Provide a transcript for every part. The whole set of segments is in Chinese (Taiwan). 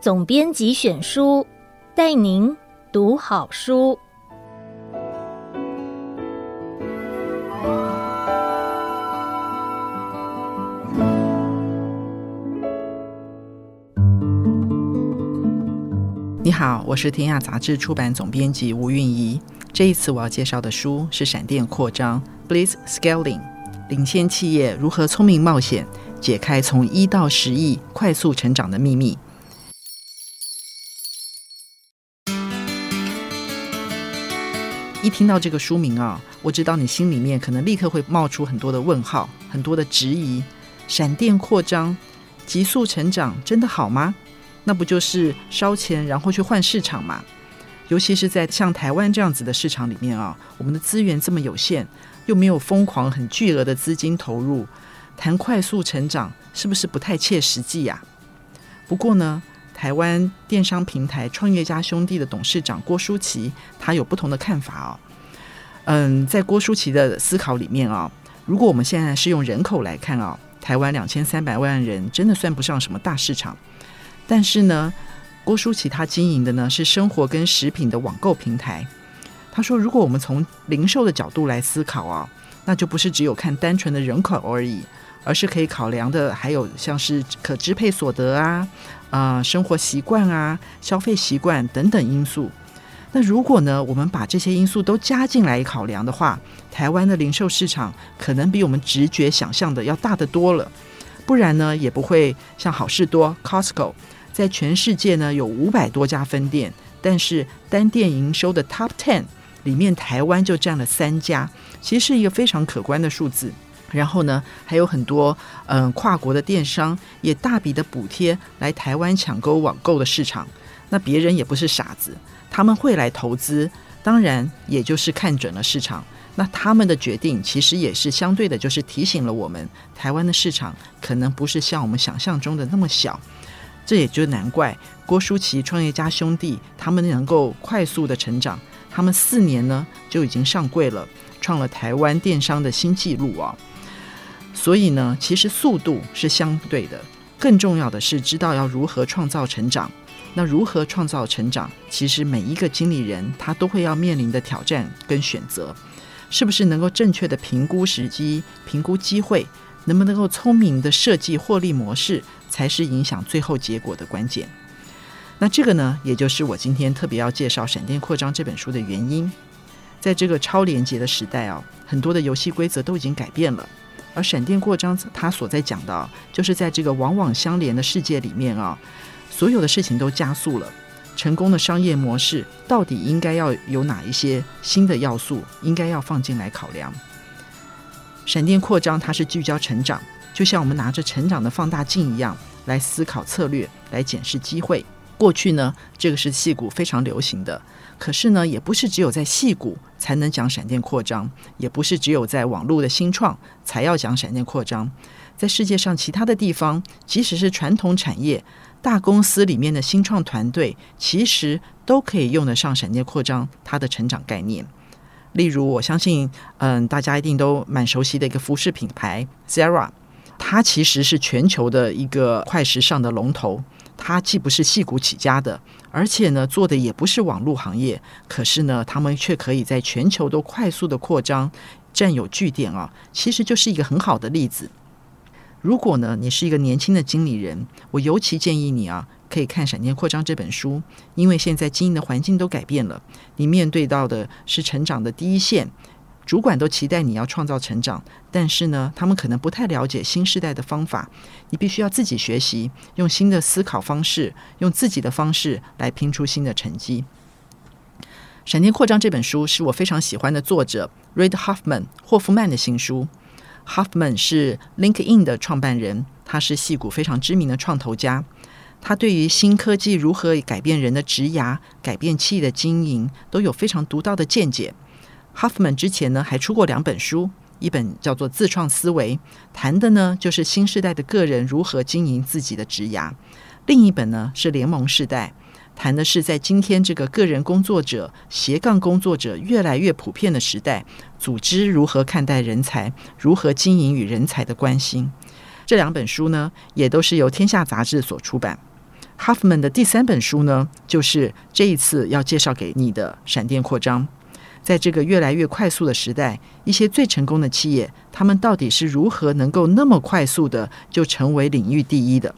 總編輯選書，帶您讀好書。你好，我是天下雜誌出版總編輯吳韻儀。這一次我要介紹的書是《閃電擴張 b l i s e Scaling）。領先企業如何聰明冒險，解開從一到十億快速成長的秘密。一聽到這個書名啊，我知道你心裡面可能立刻會冒出很多的問號，很多的質疑：閃電擴張、急速成長，真的好嗎？那不就是燒錢然後去換市場嗎？尤其是在像台灣這樣子的市場裡面啊，我們的資源這麼有限。又沒有瘋狂很巨額的資金投入，談快速成長是不是不太切實際呀、啊？不過呢，台灣電商平台創業家兄弟的董事長郭書奇，他有不同的看法哦。嗯，在郭書奇的思考裡面啊、哦，如果我們現在是用人口來看啊、哦，台灣兩千三百萬人真的算不上什麼大市場。但是呢，郭書奇他經營的呢是生活跟食品的網購平台。他說：“如果我們從零售的角度來思考啊，那就不是只有看單純的人口而已，而是可以考量的還有像是可支配所得啊、呃、生活習慣啊、消費習慣等等因素。那如果呢，我們把這些因素都加進來考量的話，台灣的零售市場可能比我們直覺想象的要大得多了。不然呢，也不會像好市多 （Costco） 在全世界呢有五百多家分店，但是單店營收的 Top Ten。”裡面台灣就占了三家，其實是一個非常可觀的數字。然後呢，還有很多嗯、呃、跨國的電商也大筆的補貼來台灣搶購網購的市場。那別人也不是傻子，他們會來投資，當然也就是看準了市場。那他們的決定其實也是相對的，就是提醒了我們，台灣的市場可能不是像我們想象中的那麼小。這也就難怪郭書齊創業家兄弟他們能夠快速的成長。他們四年呢就已經上櫃了，創了台灣電商的新紀錄啊、哦！所以呢，其實速度是相對的，更重要的是知道要如何創造成長。那如何創造成長？其實每一個經理人他都會要面臨的挑戰跟選擇，是不是能夠正確的評估時機、評估機會，能不能夠聰明的設計獲利模式，才是影響最後結果的關鍵。那這個呢，也就是我今天特別要介紹《閃電擴張》這本書的原因。在這個超連接的時代哦、啊，很多的遊戲規則都已經改變了。而《閃電擴張》它所在講的、啊，就是在這個網網相連的世界裡面啊，所有的事情都加速了。成功的商業模式到底應該要有哪一些新的要素，應該要放進來考量？《閃電擴張》它是聚焦成長，就像我們拿着成長的放大鏡一樣來思考策略，來檢視機會。過去呢，這個是矽谷非常流行的。可是呢，也不是只有在矽谷才能講閃電擴張，也不是只有在網絡的新創才要講閃電擴張。在世界上其他的地方，即使是傳統產業大公司裡面的新創團隊，其實都可以用得上閃電擴張它的成長概念。例如，我相信，嗯、呃，大家一定都蠻熟悉的一個服飾品牌 Zara，它其實是全球的一個快時尚的龍頭。他既不是矽谷起家的，而且呢做的也不是網絡行業，可是呢他們卻可以在全球都快速的擴張，占有據點啊，其實就是一個很好的例子。如果呢你是一個年輕的經理人，我尤其建議你啊，可以看《閃電擴張》這本書，因為現在經營的環境都改變了，你面對到的是成長的第一線。主管都期待你要創造成長，但是呢，他們可能不太了解新時代的方法。你必須要自己學習，用新的思考方式，用自己的方式來拼出新的成績。《閃電擴張》這本書是我非常喜歡的作者 Reid Hoffman 霍夫曼的新書。Hoffman 是 LinkedIn 的創辦人，他是矽谷非常知名的創投家。他對於新科技如何改變人的職涯、改變企業的經營，都有非常獨到的見解。哈 u f 之前呢，還出過兩本書，一本叫做《自創思維》，談的呢就是新時代的個人如何經營自己的職涯；另一本呢是《聯盟時代》，談的是在今天這個個人工作者、斜槓工作者越來越普遍的時代，組織如何看待人才、如何經營與人才的關心。這兩本書呢，也都是由《天下雜誌》所出版。哈 u f 的第三本書呢，就是這一次要介紹給你的《閃電擴張》。在這個越來越快速的時代，一些最成功的企業，他們到底是如何能夠那麼快速的就成為領域第一的？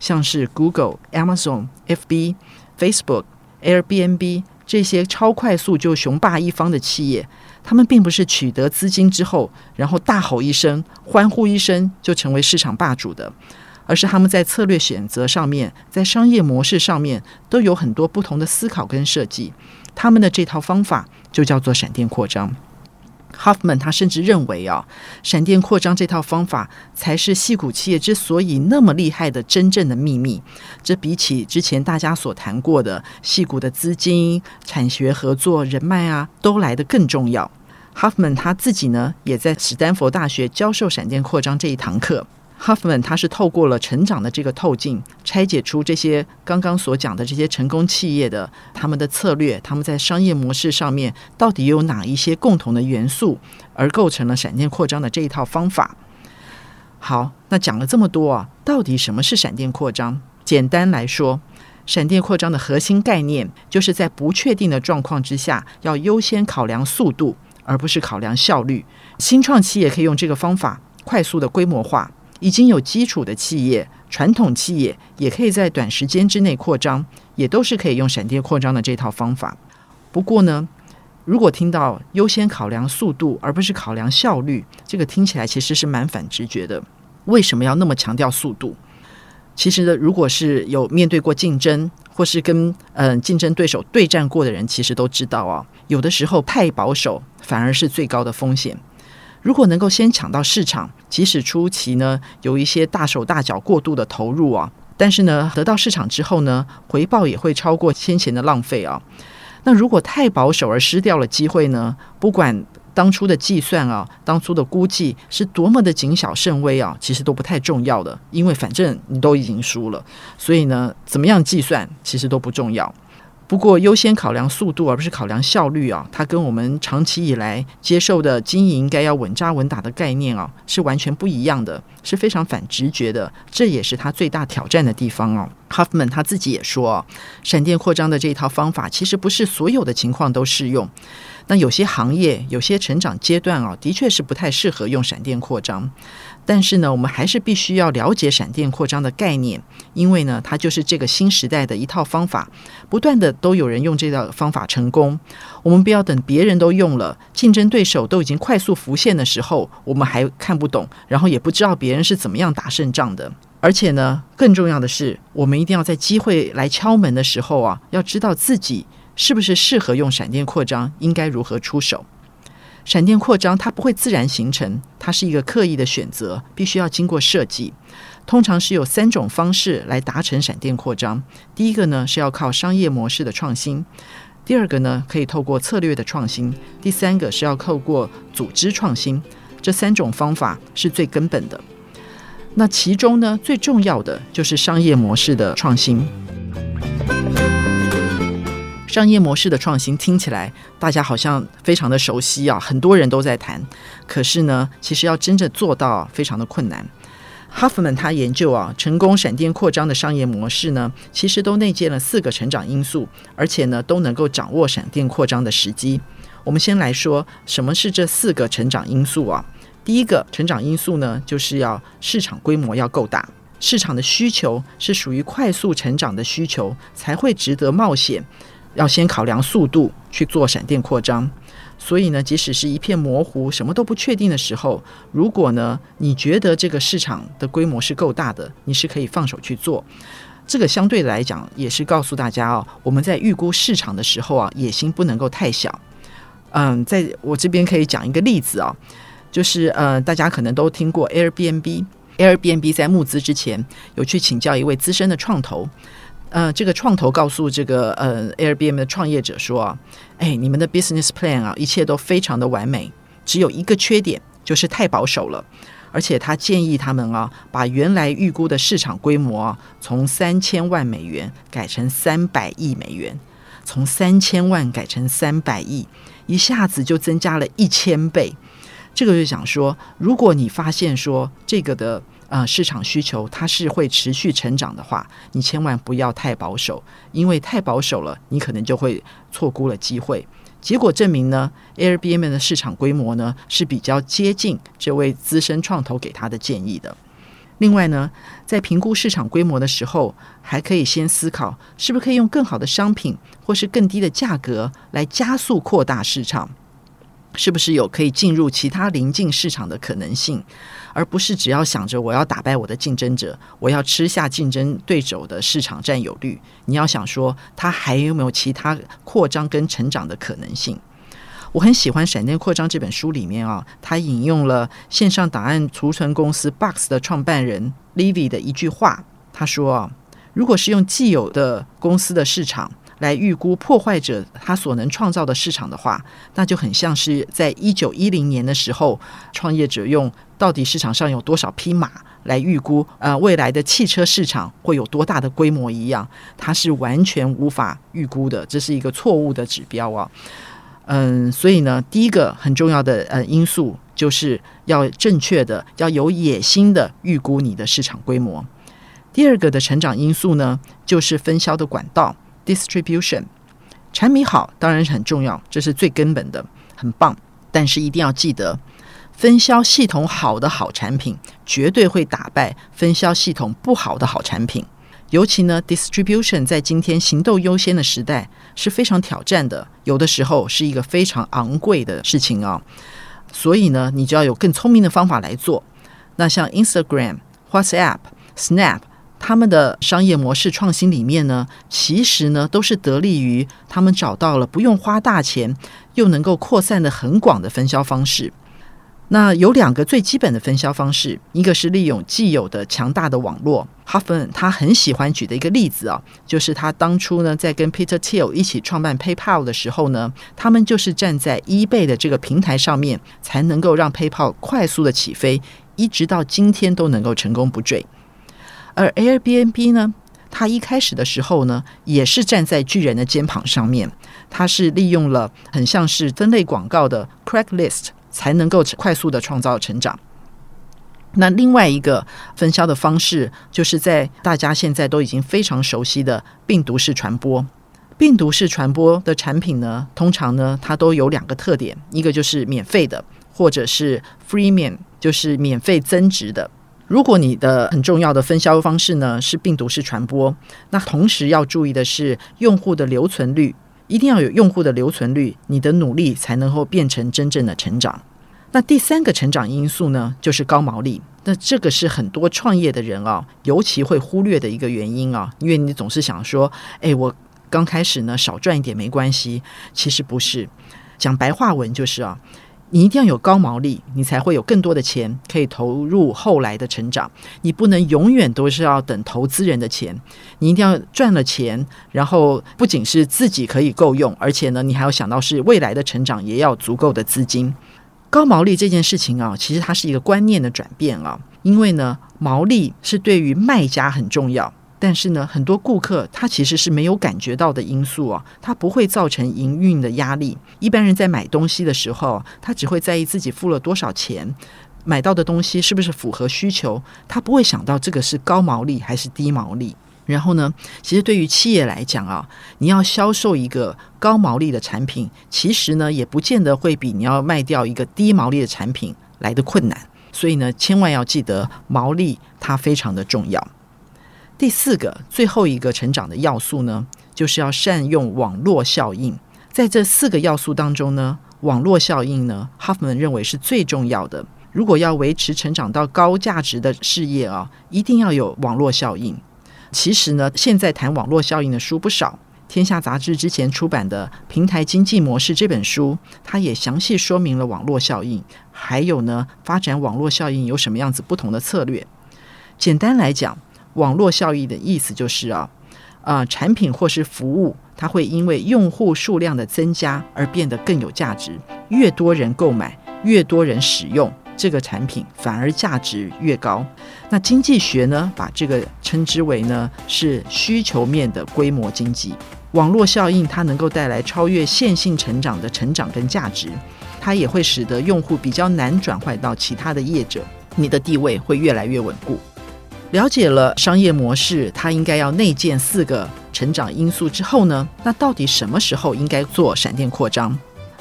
像是 Google、Amazon、FB、Facebook、Airbnb 這些超快速就雄霸一方的企業，他們並不是取得資金之後，然後大吼一聲、歡呼一聲就成為市場霸主的，而是他們在策略選擇上面，在商業模式上面都有很多不同的思考跟設計。他們的這套方法就叫做閃電擴張。Hoffman 他甚至認為啊，閃電擴張這套方法才是矽谷企業之所以那麼厲害的真正的祕密。這比起之前大家所談過的矽谷的資金、產學合作、人脈啊，都來得更重要。Hoffman 他自己呢，也在史丹佛大學教授閃電擴張這一堂課。哈 u f 他是透過了成長的這個透鏡，拆解出這些剛剛所講的這些成功企業的他們的策略，他們在商業模式上面到底有哪一些共同的元素，而構成了閃電擴張的這一套方法。好，那講了這麼多啊，到底什麼是閃電擴張？簡單來說，閃電擴張的核心概念就是在不確定的狀況之下，要優先考量速度，而不是考量效率。新創企業可以用這個方法快速的規模化。已經有基礎的企業，傳統企業也可以在短時間之內擴張，也都是可以用閃電擴張的這套方法。不過呢，如果聽到優先考量速度而不是考量效率，這個聽起來其實是蠻反直覺的。為什麼要那麼強調速度？其實呢，如果是有面對過競爭，或是跟嗯、呃、競爭對手對戰過的人，其實都知道啊，有的時候太保守反而是最高的風險。如果能夠先搶到市場，即使初期呢有一些大手大腳、過度的投入啊，但是呢得到市場之後呢，回報也會超過先前的浪費啊。那如果太保守而失掉了機會呢，不管當初的計算啊、當初的估計是多麼的謹小慎微啊，其實都不太重要的，因為反正你都已經輸了，所以呢，怎麼樣計算其實都不重要。不過，優先考量速度而不是考量效率啊，它跟我們長期以來接受的經營該要穩紮穩打的概念啊，是完全不一樣的。是非常反直覺的，這也是他最大挑戰的地方哦。Hoffman 他自己也說，哦，閃電擴張的這一套方法其實不是所有的情況都適用。那有些行業、有些成長階段哦，的確是不太適合用閃電擴張。但是呢，我們還是必須要了解閃電擴張的概念，因為呢，它就是這個新時代的一套方法。不斷的都有人用這套方法成功。我們不要等別人都用了，競爭對手都已經快速浮現的時候，我們還看不懂，然後也不知道別人。是怎麼樣打勝仗的？而且呢，更重要的是，我們一定要在機會來敲門的時候啊，要知道自己是不是適合用閃電擴張，應該如何出手。閃電擴張它不會自然形成，它是一個刻意的選擇，必須要經過設計。通常是有三種方式來達成閃電擴張：第一個呢是要靠商業模式的創新；第二個呢可以透過策略的創新；第三個是要透過組織創新。這三種方法是最根本的。那其中呢，最重要的就是商業模式的創新。商業模式的創新聽起來大家好像非常的熟悉啊，很多人都在談。可是呢，其實要真正做到非常的困難。霍夫曼他研究啊，成功閃電擴張的商業模式呢，其實都內建了四個成長因素，而且呢，都能夠掌握閃電擴張的時機。我們先來說什麼是這四個成長因素啊。第一個成長因素呢，就是要市場規模要夠大，市場的需求是屬於快速成長的需求才會值得冒險，要先考量速度去做閃電擴張。所以呢，即使是一片模糊、什麼都不確定的時候，如果呢，你覺得這個市場的規模是夠大的，你是可以放手去做。這個相對來講也是告訴大家哦，我們在預估市場的時候啊，野心不能夠太小。嗯，在我這邊可以講一個例子啊、哦。就是呃，大家可能都聽過 Airbnb，Airbnb Airbnb 在募資之前有去請教一位資深的創投，呃，這個創投告訴這個呃 Airbnb 的創業者說：“哎，你們的 business plan 啊，一切都非常的完美，只有一個缺點就是太保守了。而且他建議他們啊，把原來預估的市場規模啊，從三千萬美元改成三百億美元，從三千萬改成三百億，一下子就增加了一千倍。”這個就想說，如果你發現說這個的呃市場需求它是會持續成長的話，你千萬不要太保守，因為太保守了，你可能就會錯估了機會。結果證明呢，Airbnb 的市場規模呢是比較接近這位資深創投給他的建議的。另外呢，在評估市場規模的時候，還可以先思考是不是可以用更好的商品或是更低的價格來加速擴大市場。是不是有可以進入其他臨近市場的可能性，而不是只要想着我要打敗我的競爭者，我要吃下競爭對手的市場佔有率？你要想說，它還有沒有其他擴張跟成長的可能性？我很喜歡《閃電擴張》這本書裡面啊、哦，他引用了線上檔案儲存公司 Box 的創辦人 Levie 的一句話，他說、哦，如果是用既有的公司的市場。來預估破壞者他所能創造的市場的話，那就很像是在一九一零年的時候，創業者用到底市場上有多少匹馬來預估呃未來的汽車市場會有多大的規模一樣，它是完全無法預估的，這是一個錯誤的指標啊。嗯，所以呢，第一個很重要的呃因素就是要正確的、要有野心的預估你的市場規模。第二個的成長因素呢，就是分銷的管道。Distribution，產品好當然是很重要，這是最根本的，很棒。但是一定要記得，分銷系統好的好產品絕對會打敗分銷系統不好的好產品。尤其呢，Distribution 在今天行動優先的時代是非常挑戰的，有的時候是一個非常昂貴的事情啊、哦。所以呢，你就要有更聰明的方法來做。那像 Instagram、WhatsApp、Snap。他們的商業模式創新裡面呢，其實呢都是得利於他們找到了不用花大錢又能夠擴散得很廣的分銷方式。那有兩個最基本的分銷方式，一個是利用既有的強大的網絡。Hoffman 他很喜歡舉的一個例子啊、哦，就是他當初呢在跟 Peter Thiel 一起創辦 PayPal 的時候呢，他們就是站在 eBay 的這個平台上面，才能夠讓 PayPal 快速地起飛，一直到今天都能夠成功不墜。而 Airbnb 呢，它一開始的時候呢，也是站在巨人的肩膀上面，它是利用了很像是分類廣告的 Craigslist 才能夠快速的創造成長。那另外一個分銷的方式，就是在大家現在都已經非常熟悉的病毒式傳播。病毒式傳播的產品呢，通常呢，它都有兩個特點，一個就是免費的，或者是 freemium 就是免費增值的。如果你的很重要的分銷方式呢是病毒式傳播，那同時要注意的是用戶的留存率，一定要有用戶的留存率，你的努力才能夠變成真正的成長。那第三個成長因素呢，就是高毛利。那這個是很多創業的人啊，尤其會忽略的一個原因啊，因為你總是想說，哎，我剛開始呢少賺一點沒關係。其實不是，講白話文就是啊。你一定要有高毛利，你才會有更多的錢可以投入後來的成長。你不能永遠都是要等投資人的錢。你一定要賺了錢，然後不僅是自己可以夠用，而且呢，你還要想到是未來的成長也要足夠的資金。高毛利這件事情啊，其實它是一個觀念的轉變啊，因為呢，毛利是對於賣家很重要。但是呢，很多顧客他其實是沒有感覺到的因素啊、哦，他不會造成營運的壓力。一般人在買東西的時候，他只會在意自己付了多少錢，買到的東西是不是符合需求，他不會想到這個是高毛利還是低毛利。然後呢，其實對於企業來講啊，你要銷售一個高毛利的產品，其實呢也不見得會比你要賣掉一個低毛利的產品來的困難。所以呢，千萬要記得毛利它非常的重要。第四個、最後一個成長的要素呢，就是要善用網絡效應。在這四個要素當中呢，網絡效應呢，霍夫曼認為是最重要的。如果要維持成長到高價值的事業啊，一定要有網絡效應。其實呢，現在談網絡效應的書不少。天下雜誌之前出版的《平台經濟模式》這本書，它也詳細說明了網絡效應，還有呢，發展網絡效應有什麼樣子不同的策略。簡單來講，網絡效應的意思就是啊，呃，產品或是服務，它會因為用戶數量的增加而變得更有價值。越多人購買，越多人使用這個產品，反而價值越高。那經濟學呢，把這個稱之為呢，是需求面的規模經濟。網絡效應它能夠帶來超越線性成長的成長跟價值，它也會使得用戶比較難轉換到其他的業者，你的地位會越來越穩固。了解了商業模式，它應該要內建四個成長因素之後呢，那到底什麼時候應該做閃電擴張？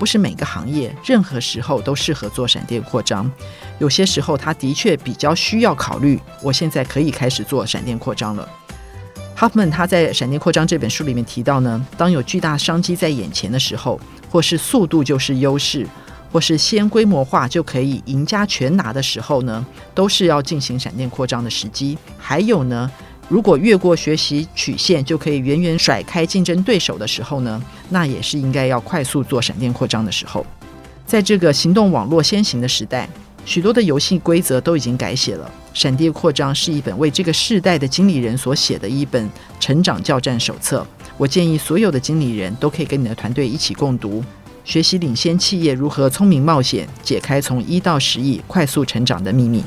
不是每個行業、任何時候都適合做閃電擴張。有些時候，它的確比較需要考慮。我現在可以開始做閃電擴張了。Hoffman 他在《閃電擴張》這本書裡面提到呢，當有巨大商機在眼前的時候，或是速度就是優勢。或是先規模化就可以贏家全拿的時候呢，都是要進行閃電擴張的時機。還有呢，如果越過學習曲線就可以遠遠甩開競爭對手的時候呢，那也是應該要快速做閃電擴張的時候。在這個行動網絡先行的時代，許多的遊戲規則都已經改寫了。閃電擴張是一本為這個世代的經理人所寫的一本成長教戰手冊。我建議所有的經理人都可以跟你的團隊一起共讀。學習領先企業如何聰明冒險，解開從一到十億快速成長的秘密。